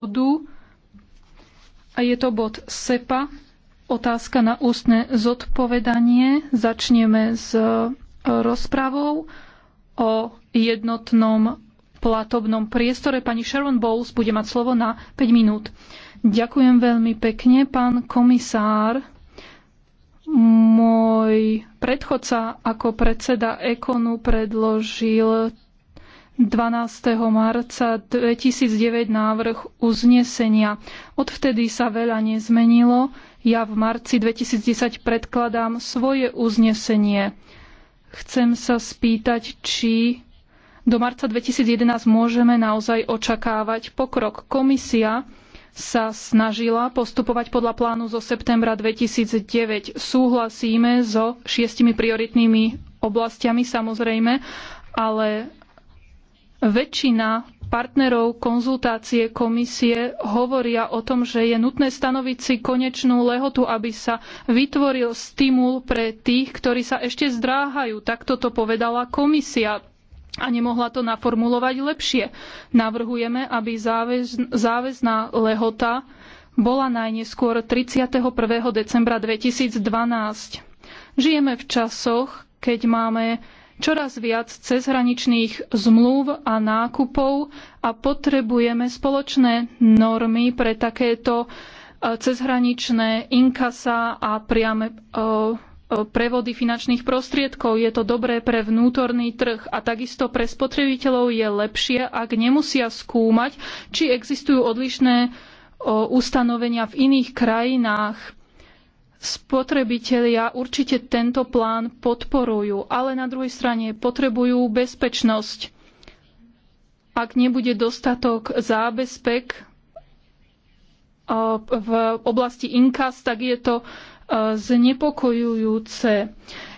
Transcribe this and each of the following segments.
bodu a je to bod SEPA. Otázka na ústne zodpovedanie. Začneme s e, rozpravou o jednotnom platobnom priestore. Pani Sharon Bowles bude mať slovo na 5 minút. Ďakujem veľmi pekne, pán komisár. Môj predchodca ako predseda Ekonu predložil 12. marca 2009 návrh uznesenia. Odvtedy sa veľa nezmenilo. Ja v marci 2010 predkladám svoje uznesenie. Chcem sa spýtať, či do marca 2011 môžeme naozaj očakávať pokrok. Komisia sa snažila postupovať podľa plánu zo septembra 2009. Súhlasíme so šiestimi prioritnými oblastiami samozrejme, ale Väčšina partnerov konzultácie komisie hovoria o tom, že je nutné stanoviť si konečnú lehotu, aby sa vytvoril stimul pre tých, ktorí sa ešte zdráhajú. Takto to povedala komisia a nemohla to naformulovať lepšie. Navrhujeme, aby záväz, záväzná lehota bola najneskôr 31. decembra 2012. Žijeme v časoch, keď máme čoraz viac cezhraničných zmluv a nákupov a potrebujeme spoločné normy pre takéto e, cezhraničné inkasa a priame e, e, prevody finančných prostriedkov. Je to dobré pre vnútorný trh a takisto pre spotrebiteľov je lepšie, ak nemusia skúmať, či existujú odlišné ustanovenia v iných krajinách spotrebitelia určite tento plán podporujú, ale na druhej strane potrebujú bezpečnosť. Ak nebude dostatok zábezpek eh, v oblasti inkas, tak je to eh, znepokojujúce.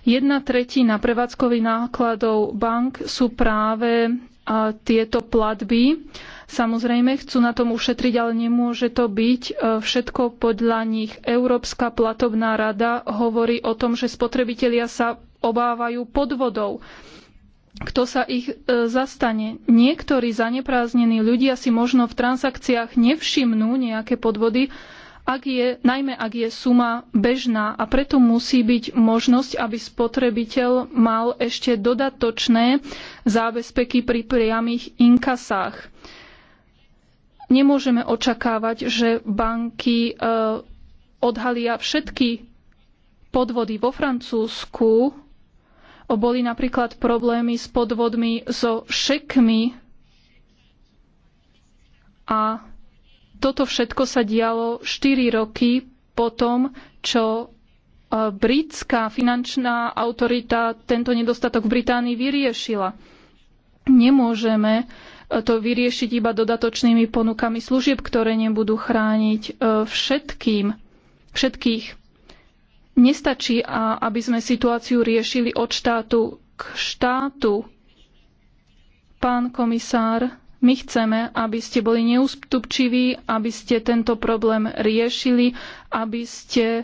Jedna tretina prevádzkových nákladov bank sú práve eh, tieto platby Samozrejme, chcú na tom ušetriť, ale nemôže to byť e, všetko podľa nich. Európska platobná rada hovorí o tom, že spotrebitelia sa obávajú podvodov kto sa ich e, zastane. Niektorí zanepráznení ľudia si možno v transakciách nevšimnú nejaké podvody, ak je, najmä ak je suma bežná a preto musí byť možnosť, aby spotrebiteľ mal ešte dodatočné zábezpeky pri priamých inkasách nemôžeme očakávať, že banky e, odhalia všetky podvody vo Francúzsku. Boli napríklad problémy s podvodmi so šekmi a toto všetko sa dialo 4 roky po tom, čo e, britská finančná autorita tento nedostatok v Británii vyriešila. Nemôžeme to vyriešiť iba dodatočnými ponukami služieb, ktoré nebudú chrániť e, všetkým, všetkých. Nestačí, aby sme situáciu riešili od štátu k štátu. Pán komisár, my chceme, aby ste boli neústupčiví, aby ste tento problém riešili, aby ste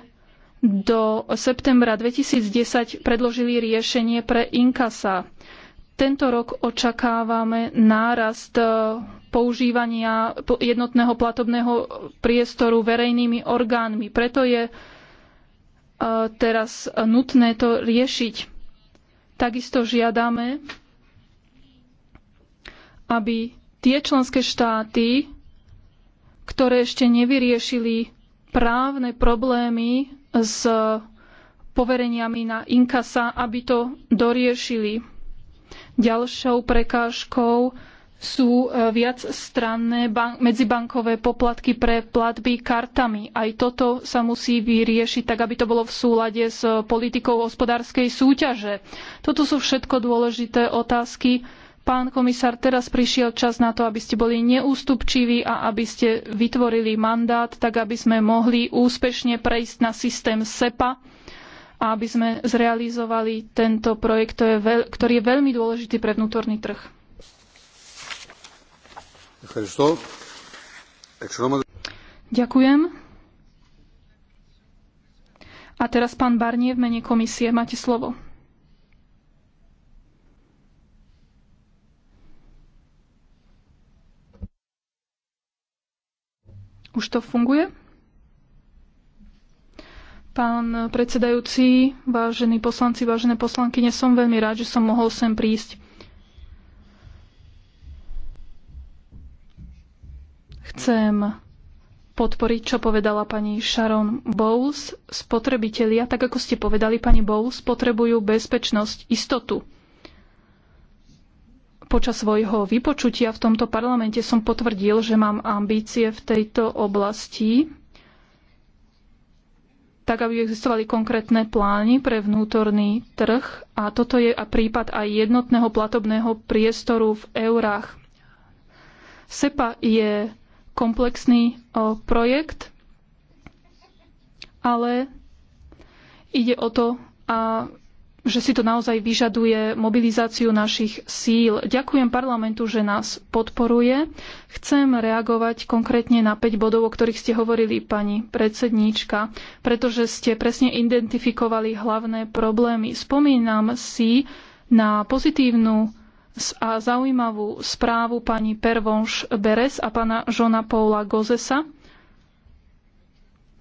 do septembra 2010 predložili riešenie pre inkasa. Tento rok očakávame nárast e, používania jednotného platobného priestoru verejnými orgánmi. Preto je e, teraz nutné to riešiť. Takisto žiadame, aby tie členské štáty, ktoré ešte nevyriešili právne problémy s povereniami na inkasa, aby to doriešili Ďalšou prekážkou sú e, viac stranné medzibankové poplatky pre platby kartami. Aj toto sa musí vyriešiť tak, aby to bolo v súlade s politikou hospodárskej súťaže. Toto sú všetko dôležité otázky. Pán komisár, teraz prišiel čas na to, aby ste boli neústupčiví a aby ste vytvorili mandát, tak aby sme mohli úspešne prejsť na systém SEPA aby sme zrealizovali tento projekt, ktorý je veľmi dôležitý pre vnútorný trh. Ďakujem. A teraz pán Barnie v mene komisie. Máte slovo. Už to funguje? Pán predsedajúci, vážení poslanci, vážené poslanky, som veľmi rád, že som mohol sem prísť. Chcem podporiť, čo povedala pani Sharon Bowles. Spotrebitelia, tak ako ste povedali, pani Bowles, potrebujú bezpečnosť, istotu. Počas svojho vypočutia v tomto parlamente som potvrdil, že mám ambície v tejto oblasti tak aby existovali konkrétne plány pre vnútorný trh a toto je a prípad aj jednotného platobného priestoru v eurách. SEPA je komplexný o, projekt, ale ide o to, a že si to naozaj vyžaduje mobilizáciu našich síl. Ďakujem parlamentu, že nás podporuje. Chcem reagovať konkrétne na 5 bodov, o ktorých ste hovorili, pani predsedníčka, pretože ste presne identifikovali hlavné problémy. Spomínam si na pozitívnu a zaujímavú správu pani Pervonš Beres a pána Žona Paula Gozesa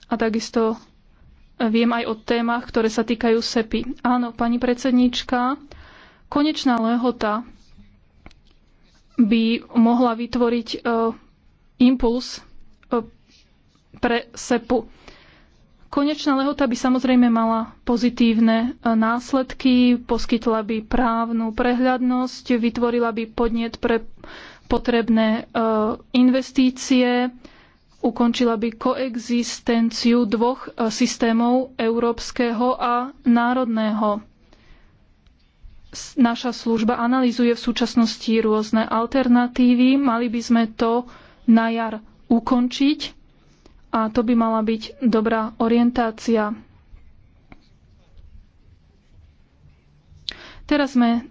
a takisto viem aj o témach, ktoré sa týkajú SEPI. Áno, pani predsedníčka, konečná lehota by mohla vytvoriť uh, impuls uh, pre SEPu. Konečná lehota by samozrejme mala pozitívne uh, následky, poskytla by právnu prehľadnosť, vytvorila by podnet pre potrebné investície, ukončila by koexistenciu dvoch e, systémov európskeho a národného. Naša služba analýzuje v súčasnosti rôzne alternatívy. Mali by sme to na jar ukončiť a to by mala byť dobrá orientácia. Teraz sme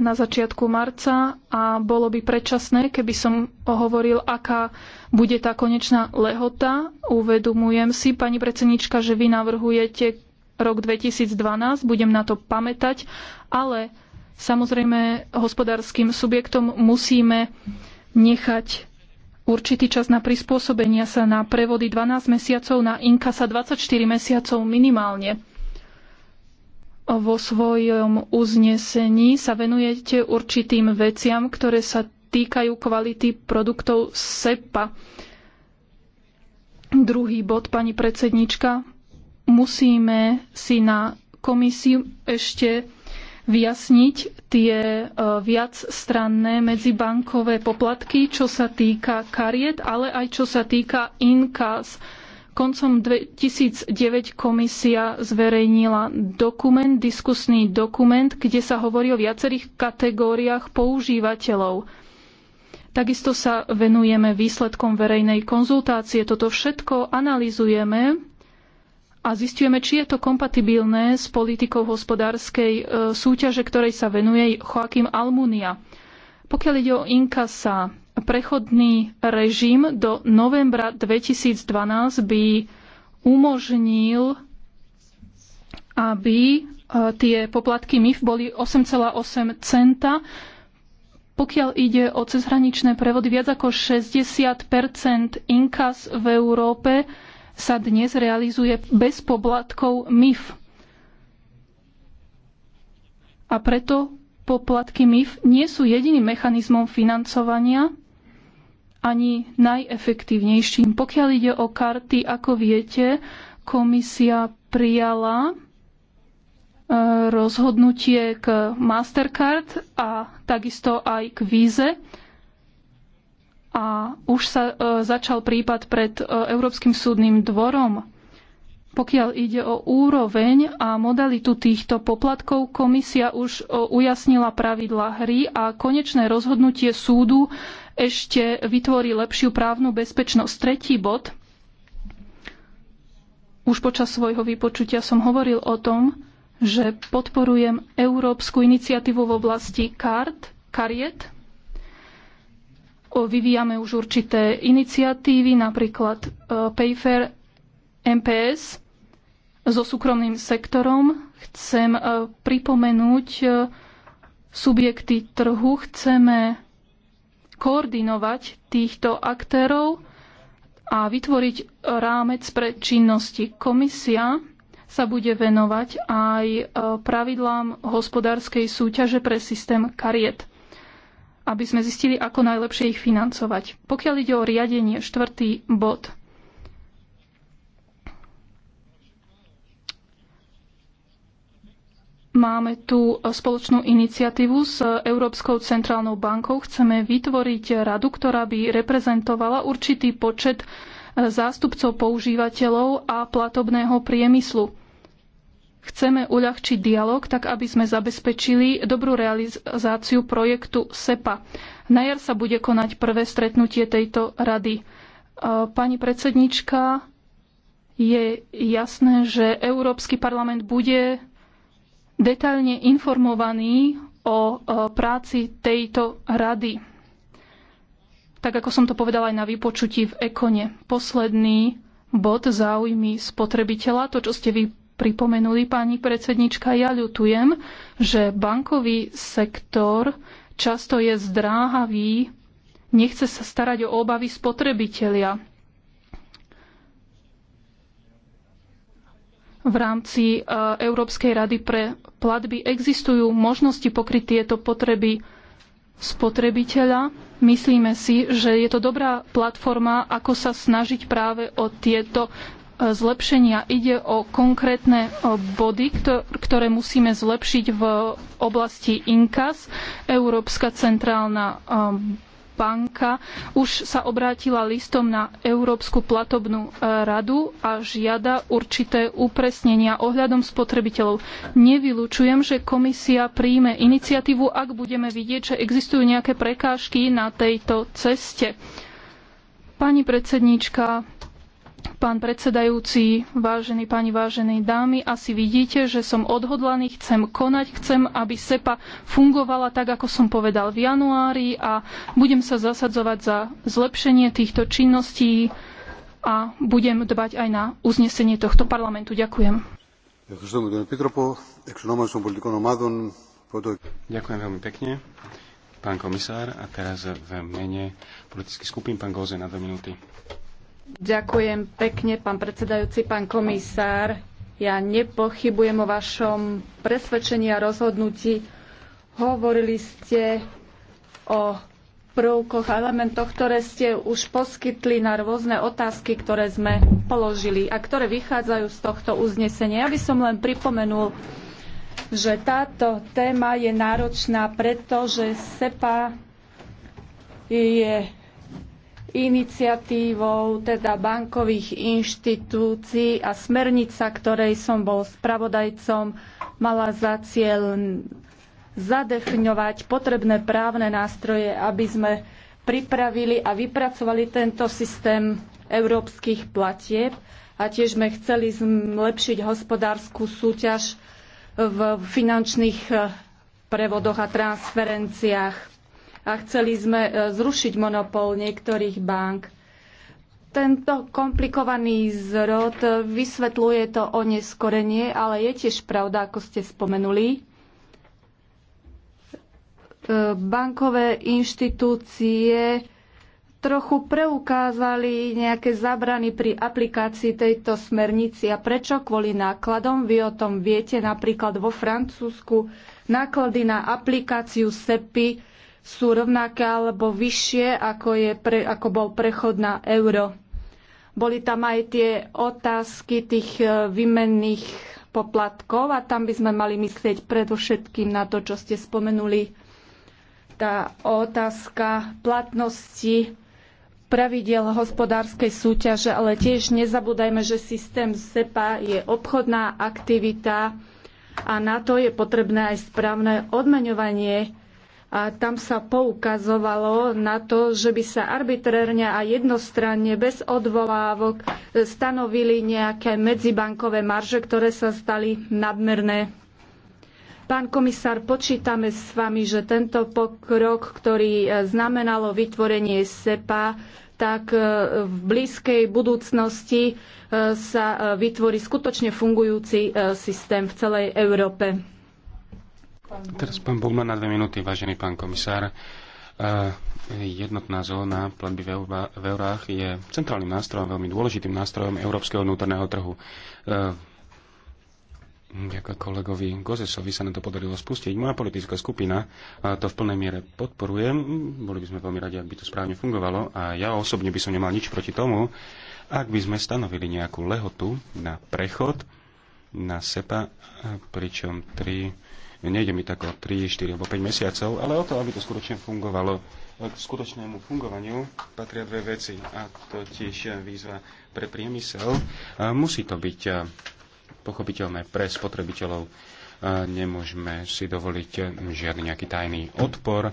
na začiatku marca a bolo by predčasné, keby som hovoril, aká bude tá konečná lehota. Uvedomujem si, pani predsednička, že vy navrhujete rok 2012, budem na to pamätať, ale samozrejme hospodárskym subjektom musíme nechať určitý čas na prispôsobenia sa na prevody 12 mesiacov, na inkasa 24 mesiacov minimálne vo svojom uznesení sa venujete určitým veciam, ktoré sa týkajú kvality produktov SEPA. Druhý bod, pani predsednička, musíme si na komisiu ešte vyjasniť tie e, viacstranné medzibankové poplatky, čo sa týka kariet, ale aj čo sa týka inkas Koncom 2009 komisia zverejnila dokument, diskusný dokument, kde sa hovorí o viacerých kategóriách používateľov. Takisto sa venujeme výsledkom verejnej konzultácie. Toto všetko analizujeme a zistujeme, či je to kompatibilné s politikou hospodárskej e, súťaže, ktorej sa venuje Joachim Almunia. Pokiaľ ide o inkasa, prechodný režim do novembra 2012 by umožnil, aby e, tie poplatky MIF boli 8,8 centa. Pokiaľ ide o cezhraničné prevody, viac ako 60 inkas v Európe sa dnes realizuje bez poplatkov MIF. A preto poplatky MIF nie sú jediným mechanizmom financovania ani najefektívnejším. Pokiaľ ide o karty, ako viete, komisia prijala e, rozhodnutie k Mastercard a takisto aj k Víze. A už sa e, začal prípad pred e, Európskym súdnym dvorom. Pokiaľ ide o úroveň a modalitu týchto poplatkov, komisia už ujasnila pravidla hry a konečné rozhodnutie súdu ešte vytvorí lepšiu právnu bezpečnosť. Tretí bod. Už počas svojho vypočutia som hovoril o tom, že podporujem európsku iniciatívu v oblasti kart, kariet. Vyvíjame už určité iniciatívy, napríklad e, Payfair MPS so súkromným sektorom. Chcem e, pripomenúť e, subjekty trhu, chceme koordinovať týchto aktérov a vytvoriť rámec pre činnosti. Komisia sa bude venovať aj e, pravidlám hospodárskej súťaže pre systém kariet, aby sme zistili, ako najlepšie ich financovať. Pokiaľ ide o riadenie, štvrtý bod – Máme tu spoločnú iniciatívu s Európskou centrálnou bankou. Chceme vytvoriť radu, ktorá by reprezentovala určitý počet e, zástupcov používateľov a platobného priemyslu. Chceme uľahčiť dialog, tak aby sme zabezpečili dobrú realizáciu projektu SEPA. Na jar sa bude konať prvé stretnutie tejto rady. E, pani predsednička, je jasné, že Európsky parlament bude detailne informovaní o práci tejto rady. Tak ako som to povedala aj na vypočutí v Ekone. Posledný bod záujmy spotrebiteľa, to, čo ste vy pripomenuli, pani predsednička, ja ľutujem, že bankový sektor často je zdráhavý, nechce sa starať o obavy spotrebitelia. v rámci e, Európskej rady pre platby existujú možnosti pokryť tieto potreby spotrebiteľa. Myslíme si, že je to dobrá platforma, ako sa snažiť práve o tieto e, zlepšenia. Ide o konkrétne e, body, ktoré musíme zlepšiť v oblasti INKAS. Európska centrálna banka už sa obrátila listom na Európsku platobnú e, radu a žiada určité upresnenia ohľadom spotrebiteľov. Nevylučujem, že komisia príjme iniciatívu, ak budeme vidieť, že existujú nejaké prekážky na tejto ceste. Pani predsedníčka, Pán predsedajúci, vážení páni, vážení dámy, asi vidíte, že som odhodlaný, chcem konať, chcem, aby SEPA fungovala tak, ako som povedal v januári a budem sa zasadzovať za zlepšenie týchto činností a budem dbať aj na uznesenie tohto parlamentu. Ďakujem. Ďakujem veľmi pekne. Pán komisár, a teraz v mene politických skupín, pán Goze, na dve minúty. Ďakujem pekne, pán predsedajúci, pán komisár. Ja nepochybujem o vašom presvedčení a rozhodnutí. Hovorili ste o prvkoch, elementoch, ktoré ste už poskytli na rôzne otázky, ktoré sme položili a ktoré vychádzajú z tohto uznesenia. Ja by som len pripomenul, že táto téma je náročná, pretože SEPA je iniciatívou teda bankových inštitúcií a smernica, ktorej som bol spravodajcom, mala za cieľ zadefinovať potrebné právne nástroje, aby sme pripravili a vypracovali tento systém európskych platieb a tiež sme chceli zlepšiť hospodárskú súťaž v finančných prevodoch a transferenciách a chceli sme e, zrušiť monopol niektorých bank. Tento komplikovaný zrod vysvetľuje to o neskorenie, ale je tiež pravda, ako ste spomenuli. E, bankové inštitúcie trochu preukázali nejaké zábrany pri aplikácii tejto smernici a prečo kvôli nákladom, vy o tom viete napríklad vo Francúzsku, náklady na aplikáciu SEPI sú rovnaké alebo vyššie, ako, je pre, ako bol prechod na euro. Boli tam aj tie otázky tých e, výmenných poplatkov a tam by sme mali myslieť predovšetkým na to, čo ste spomenuli. Tá otázka platnosti pravidel hospodárskej súťaže, ale tiež nezabúdajme, že systém SEPA je obchodná aktivita a na to je potrebné aj správne odmeňovanie a tam sa poukazovalo na to, že by sa arbitrérne a jednostranne bez odvolávok stanovili nejaké medzibankové marže, ktoré sa stali nadmerné. Pán komisár, počítame s vami, že tento pokrok, ktorý e, znamenalo vytvorenie SEPA, tak e, v blízkej budúcnosti e, sa vytvorí skutočne fungujúci systém v celej Európe. Teraz pán Bulman na dve minúty, vážený pán komisár. Eh, jednotná zóna platby v eurách je centrálnym nástrojom, veľmi dôležitým nástrojom európskeho vnútorného trhu. Eh, ďakujem kolegovi Gozesovi, sa nám to podarilo spustiť. Moja politická skupina to v plnej miere podporuje. Boli by sme veľmi radi, ak by to správne fungovalo a ja osobne by som nemal nič proti tomu, ak by sme stanovili nejakú lehotu na prechod na SEPA, pričom 3 Nejde mi tak o 3, 4 alebo 5 mesiacov, ale o to, aby to skutočne fungovalo. K skutočnému fungovaniu patria dve veci a to tiež výzva pre priemysel. Musí to byť pochopiteľné pre spotrebiteľov. Nemôžeme si dovoliť žiadny nejaký tajný odpor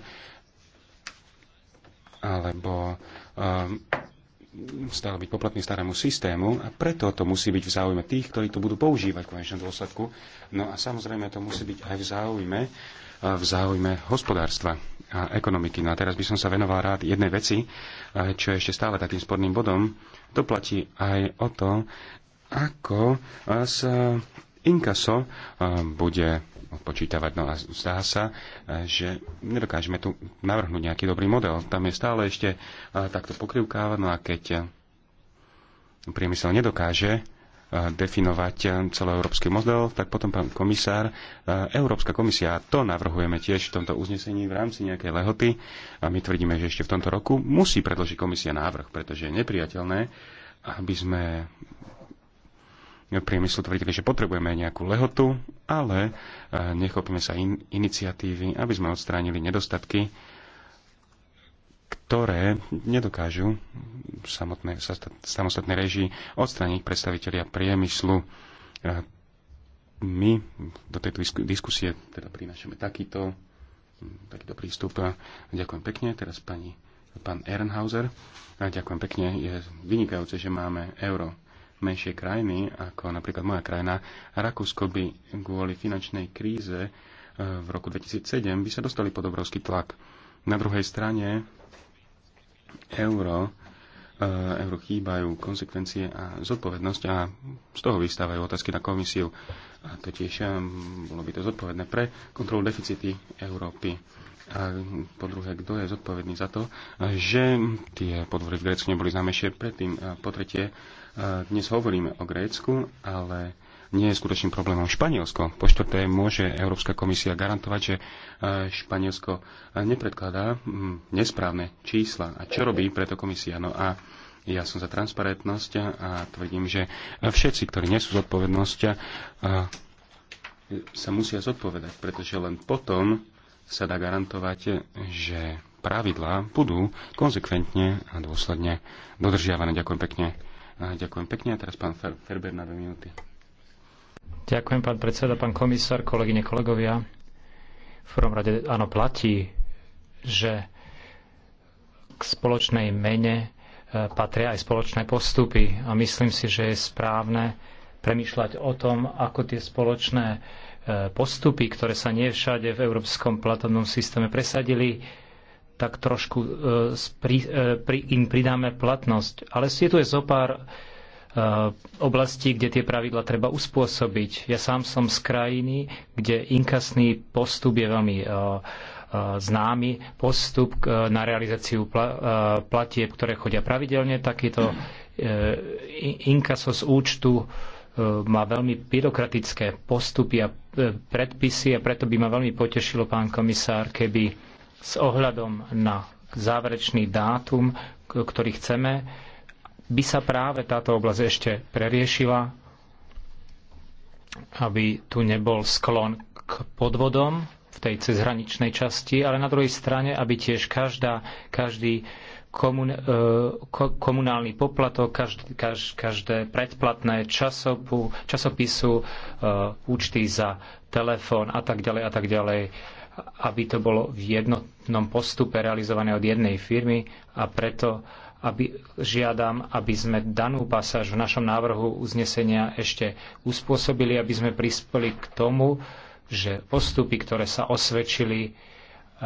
alebo stále byť poplatný starému systému a preto to musí byť v záujme tých, ktorí to budú používať v konečnom dôsledku. No a samozrejme to musí byť aj v záujme, v záujme hospodárstva a ekonomiky. No a teraz by som sa venoval rád jednej veci, čo je ešte stále takým sporným bodom. To platí aj o to, ako sa inkaso bude odpočítavať. No a zdá sa, že nedokážeme tu navrhnúť nejaký dobrý model. Tam je stále ešte eh, takto pokrivkáva, no a keď eh, priemysel nedokáže eh, definovať celoeurópsky model, tak potom pán komisár, Európska komisia, a to navrhujeme tiež v tomto uznesení v rámci nejakej lehoty, a my tvrdíme, že ešte v tomto roku musí predložiť komisia návrh, pretože je nepriateľné, aby sme priemyslu tvrdili, že potrebujeme nejakú lehotu, ale e, nechopíme sa in, iniciatívy, aby sme odstránili nedostatky, ktoré nedokážu samotné, samostatné režii odstrániť predstavitelia priemyslu. E, my do tejto diskusie teda prinášame takýto, takýto prístup. Ďakujem pekne. Teraz pani, pán Ehrenhauser. Ďakujem pekne. Je vynikajúce, že máme euro menšie krajiny, ako napríklad moja krajina, Rakúsko by kvôli finančnej kríze e, v roku 2007 by sa dostali pod obrovský tlak. Na druhej strane euro, e, euro chýbajú konsekvencie a zodpovednosť a z toho vystávajú otázky na komisiu. A to tiež e, bolo by to zodpovedné pre kontrolu deficity Európy. A po druhé, kto je zodpovedný za to, že tie podvory v Grécku neboli známejšie predtým. A po tretie, dnes hovoríme o Grécku, ale nie je skutočným problémom Španielsko. Po štvrté, môže Európska komisia garantovať, že Španielsko nepredkladá nesprávne čísla. A čo robí preto komisia? No a ja som za transparentnosť a tvrdím, že všetci, ktorí nesú zodpovednosť, sa musia zodpovedať, pretože len potom sa dá garantovať, že pravidlá budú konzekventne a dôsledne dodržiavané. Ďakujem pekne. Ďakujem pekne. A teraz pán Ferber na dve minúty. Ďakujem, pán predseda, pán komisár, kolegyne, kolegovia. V prvom rade áno, platí, že k spoločnej mene eh, patria aj spoločné postupy a myslím si, že je správne premýšľať o tom, ako tie spoločné e, postupy, ktoré sa nie všade v európskom platobnom systéme presadili, tak trošku e, e, im pridáme platnosť. Ale je tu je zo pár oblastí, kde tie pravidla treba uspôsobiť. Ja sám som z krajiny, kde inkasný postup je veľmi známy postup na realizáciu platieb, ktoré chodia pravidelne. Takýto inkaso z účtu má veľmi byrokratické postupy a e, predpisy a preto by ma veľmi potešilo, pán komisár, keby s ohľadom na záverečný dátum, ktorý chceme, by sa práve táto oblasť ešte preriešila, aby tu nebol sklon k podvodom v tej cezhraničnej časti, ale na druhej strane, aby tiež každá, každý komun, e, komunálny poplatok, každé, každé predplatné časopu, časopisu, e, účty za telefón a tak ďalej a tak ďalej, aby to bolo v jednotnom postupe realizované od jednej firmy a preto aby, žiadam, aby sme danú pasáž v našom návrhu uznesenia ešte uspôsobili, aby sme prispeli k tomu, že postupy, ktoré sa osvedčili, Eh,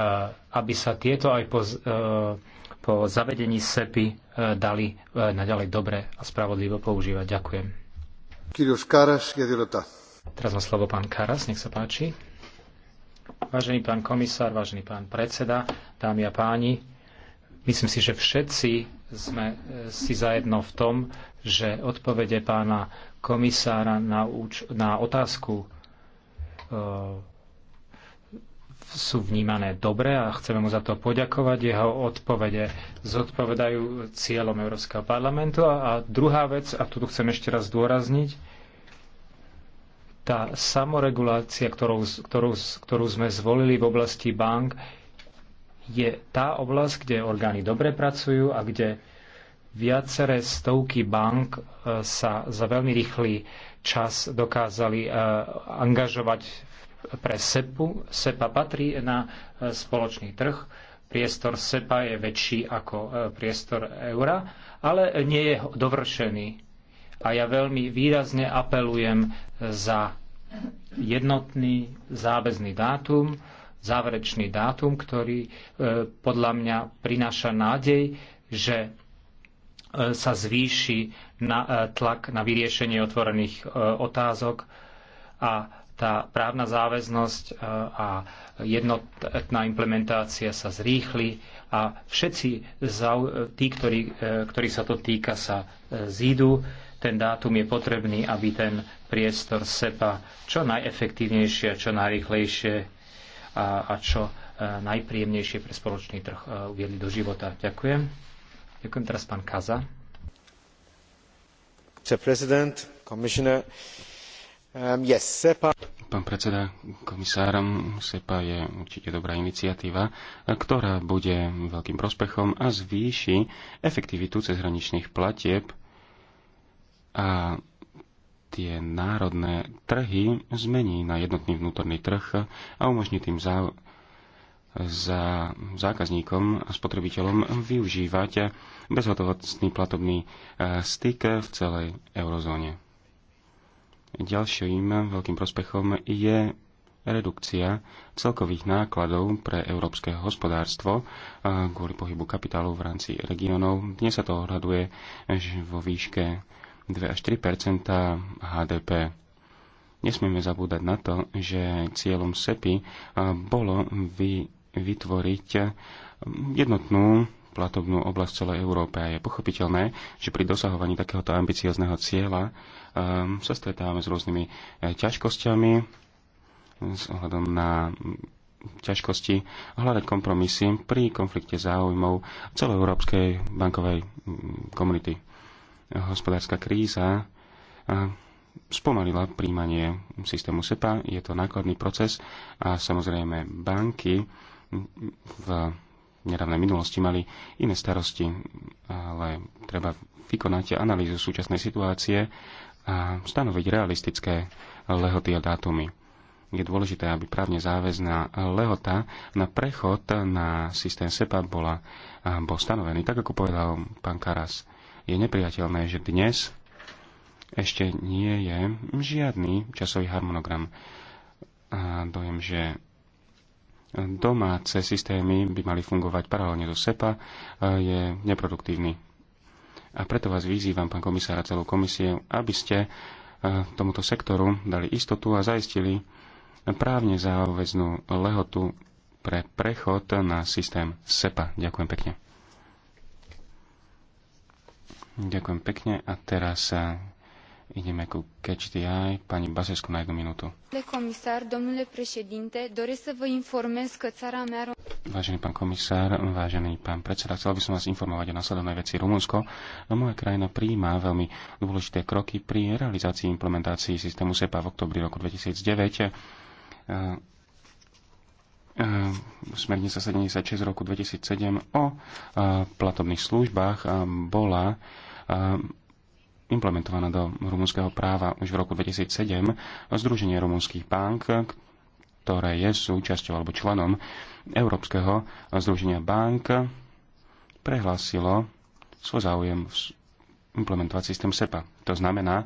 aby sa tieto aj po, eh, po zavedení SEPI eh, dali naďalej dobre a spravodlivo používať. Ďakujem. Karas, Teraz má slovo pán Karas, nech sa páči. Vážený pán komisár, vážený pán predseda, dámy a páni, myslím si, že všetci sme si zajedno v tom, že odpovede pána komisára na, úč- na otázku sú vnímané dobre a chceme mu za to poďakovať. Jeho odpovede zodpovedajú cieľom Európskeho parlamentu. A, a druhá vec, a tu chcem ešte raz zdôrazniť, tá samoregulácia, ktorú, ktorú, ktorú sme zvolili v oblasti bank, je tá oblasť, kde orgány dobre pracujú a kde viaceré stovky bank e, sa za veľmi rýchly čas dokázali e, angažovať v pre SEPu. SEPA patrí na e, spoločný trh. Priestor SEPA je väčší ako e, priestor eura, ale nie je dovršený. A ja veľmi výrazne apelujem za jednotný záväzný dátum, záverečný dátum, ktorý e, podľa mňa prináša nádej, že sa zvýši na tlak na vyriešenie otvorených otázok a tá právna záväznosť e, a jednotná implementácia sa zrýchli a všetci tí, ktorí, e, ktorí sa to týka, sa e, zídu. Ten dátum je potrebný, aby ten priestor SEPA čo najefektívnejšie, čo najrychlejšie a, a čo najpríjemnejšie pre spoločný trh uviedli do života. Ďakujem. Ďakujem teraz pán Kaza. Mr. President, Commissioner, um, yes, SEPA Pán predseda, komisárom SEPA je určite dobrá iniciatíva, ktorá bude veľkým prospechom a zvýši efektivitu cezhraničných platieb a tie národné trhy zmení na jednotný vnútorný trh a umožní tým za, za zákazníkom a spotrebiteľom využívať bezhotovostný platobný eh, styk v celej eurozóne. Ďalším veľkým prospechom je redukcia celkových nákladov pre európske hospodárstvo kvôli pohybu kapitálu v rámci regiónov. Dnes sa to odhaduje vo výške 2 až 3 HDP. Nesmieme zabúdať na to, že cieľom SEPI bolo vy vytvoriť jednotnú platobnú oblasť celej Európe a je pochopiteľné, že pri dosahovaní takéhoto ambiciozného cieľa um, sa stretávame s rôznymi e, ťažkosťami s ohľadom na mm, ťažkosti hľadať kompromisy pri konflikte záujmov Európskej bankovej mm, komunity. Hospodárska kríza e, spomalila príjmanie systému SEPA, je to nákladný proces a samozrejme banky mm, v nedávnej minulosti mali iné starosti, ale treba vykonať analýzu súčasnej situácie a stanoviť realistické lehoty a dátumy. Je dôležité, aby právne záväzná lehota na prechod na systém SEPA bola, bol stanovený. Tak ako povedal pán Karas, je nepriateľné, že dnes ešte nie je žiadny časový harmonogram. A dojem, že domáce systémy by mali fungovať paralelne do SEPA, e, je neproduktívny. A preto vás vyzývam, pán komisár a celú komisiu, aby ste e, tomuto sektoru dali istotu a zaistili právne záväznú lehotu pre prechod na systém SEPA. Ďakujem pekne. Ďakujem pekne a teraz e, Ideme ku Catch the Eye. Pani Basescu na jednu minútu. Comisar, domnule președinte, doresc să vă informez că țara mea... Vážený pán komisár, vážený pán predseda, chcel by som vás informovať o následovnej veci Rumunsko. Moja krajina príjma veľmi dôležité kroky pri realizácii implementácii systému SEPA v oktobri roku 2009. E, e, smernica 76 roku 2007 o e, platobných službách bola implementovaná do rumunského práva už v roku 2007 Združenie rumunských bank, ktoré je súčasťou alebo členom Európskeho združenia bank, prehlásilo svoj záujem implementovať systém SEPA. To znamená,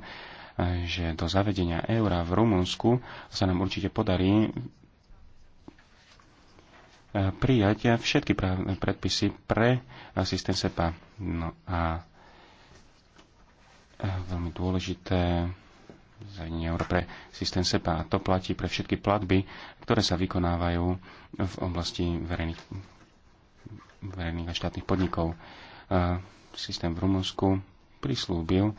že do zavedenia eura v Rumunsku sa nám určite podarí eh, prijať všetky predpisy pre eh, systém SEPA. No a veľmi dôležité zariadenie euro pre systém SEPA. A to platí pre všetky platby, ktoré sa vykonávajú v oblasti verejných, verejných a štátnych podnikov. A systém v Rumunsku prislúbil,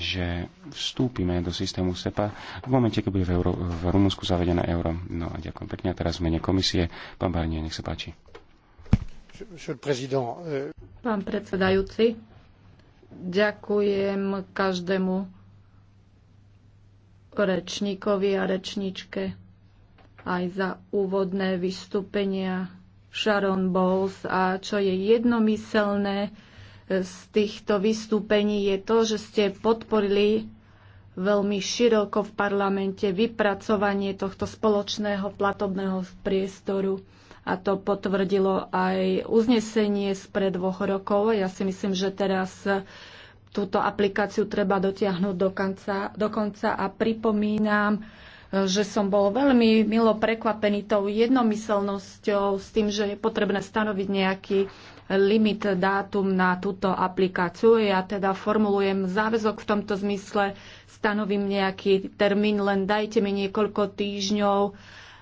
že vstúpime do systému SEPA v momente, keď bude v, euro, v Rumunsku zavedené euro. No a ďakujem pekne. A teraz v mene komisie. Pán Barnier, nech sa páči. Eh, pán predsedajúci, Ďakujem každému rečníkovi a rečničke aj za úvodné vystúpenia Sharon Bowles a čo je jednomyselné e, z týchto vystúpení je to, že ste podporili veľmi široko v parlamente vypracovanie tohto spoločného platobného priestoru a to potvrdilo aj uznesenie spred dvoch rokov. Ja si myslím, že teraz e, túto aplikáciu treba dotiahnuť do konca, do konca a pripomínam, e, že som bol veľmi milo prekvapený tou jednomyselnosťou s tým, že je potrebné stanoviť nejaký limit dátum na túto aplikáciu. Ja teda formulujem záväzok v tomto zmysle, stanovím nejaký termín, len dajte mi niekoľko týždňov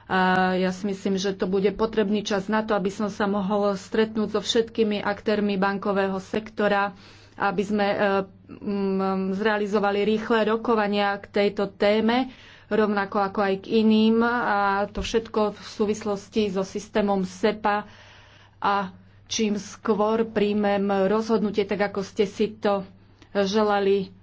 a ja si myslím, že to bude potrebný čas na to, aby som sa mohol stretnúť so všetkými aktérmi bankového sektora, aby sme e, zrealizovali rýchle rokovania k tejto téme, rovnako ako aj k iným. A to všetko v súvislosti so systémom SEPA a čím skôr príjmem rozhodnutie, tak ako ste si to želali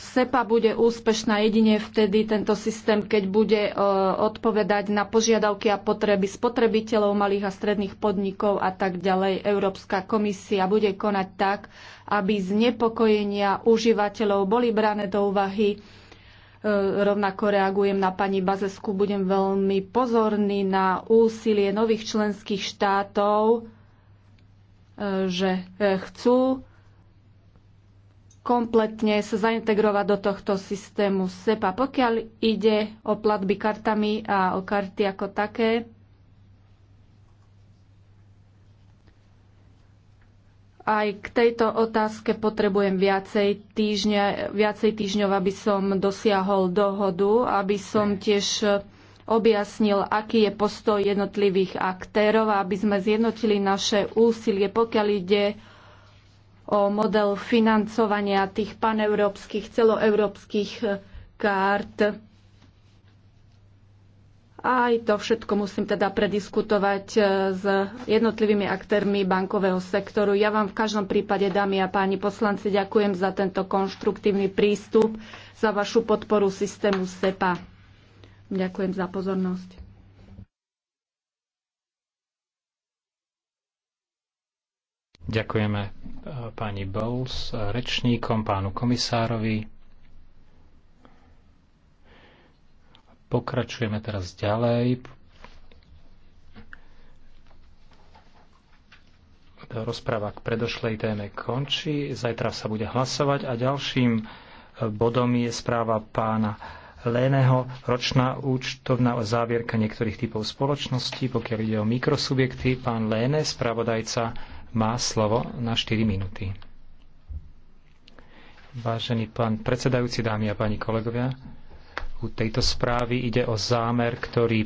SEPA bude úspešná jedine vtedy tento systém, keď bude e, odpovedať na požiadavky a potreby spotrebiteľov malých a stredných podnikov a tak ďalej. Európska komisia bude konať tak, aby znepokojenia užívateľov boli brané do úvahy. E, rovnako reagujem na pani Bazesku, budem veľmi pozorný na úsilie nových členských štátov, e, že chcú kompletne sa zaintegrovať do tohto systému SEPA. Pokiaľ ide o platby kartami a o karty ako také, aj k tejto otázke potrebujem viacej, týždňa, viacej týždňov, aby som dosiahol dohodu, aby som tiež objasnil, aký je postoj jednotlivých aktérov, aby sme zjednotili naše úsilie, pokiaľ ide o model financovania tých paneurópskych, celoeurópskych eh, kart. Aj to všetko musím teda prediskutovať eh, s jednotlivými aktérmi bankového sektoru. Ja vám v každom prípade, dámy a páni poslanci, ďakujem za tento konštruktívny prístup, za vašu podporu systému SEPA. Ďakujem za pozornosť. Ďakujeme e, pani Bowles, e, rečníkom, pánu komisárovi. Pokračujeme teraz ďalej. Rozpráva k predošlej téme končí. Zajtra sa bude hlasovať a ďalším e, bodom je správa pána Léneho, ročná účtovná závierka niektorých typov spoločností, pokiaľ ide o mikrosubjekty. Pán Léne, spravodajca má slovo na 4 minúty. Vážený pán predsedajúci, dámy a páni kolegovia, u tejto správy ide o zámer, ktorý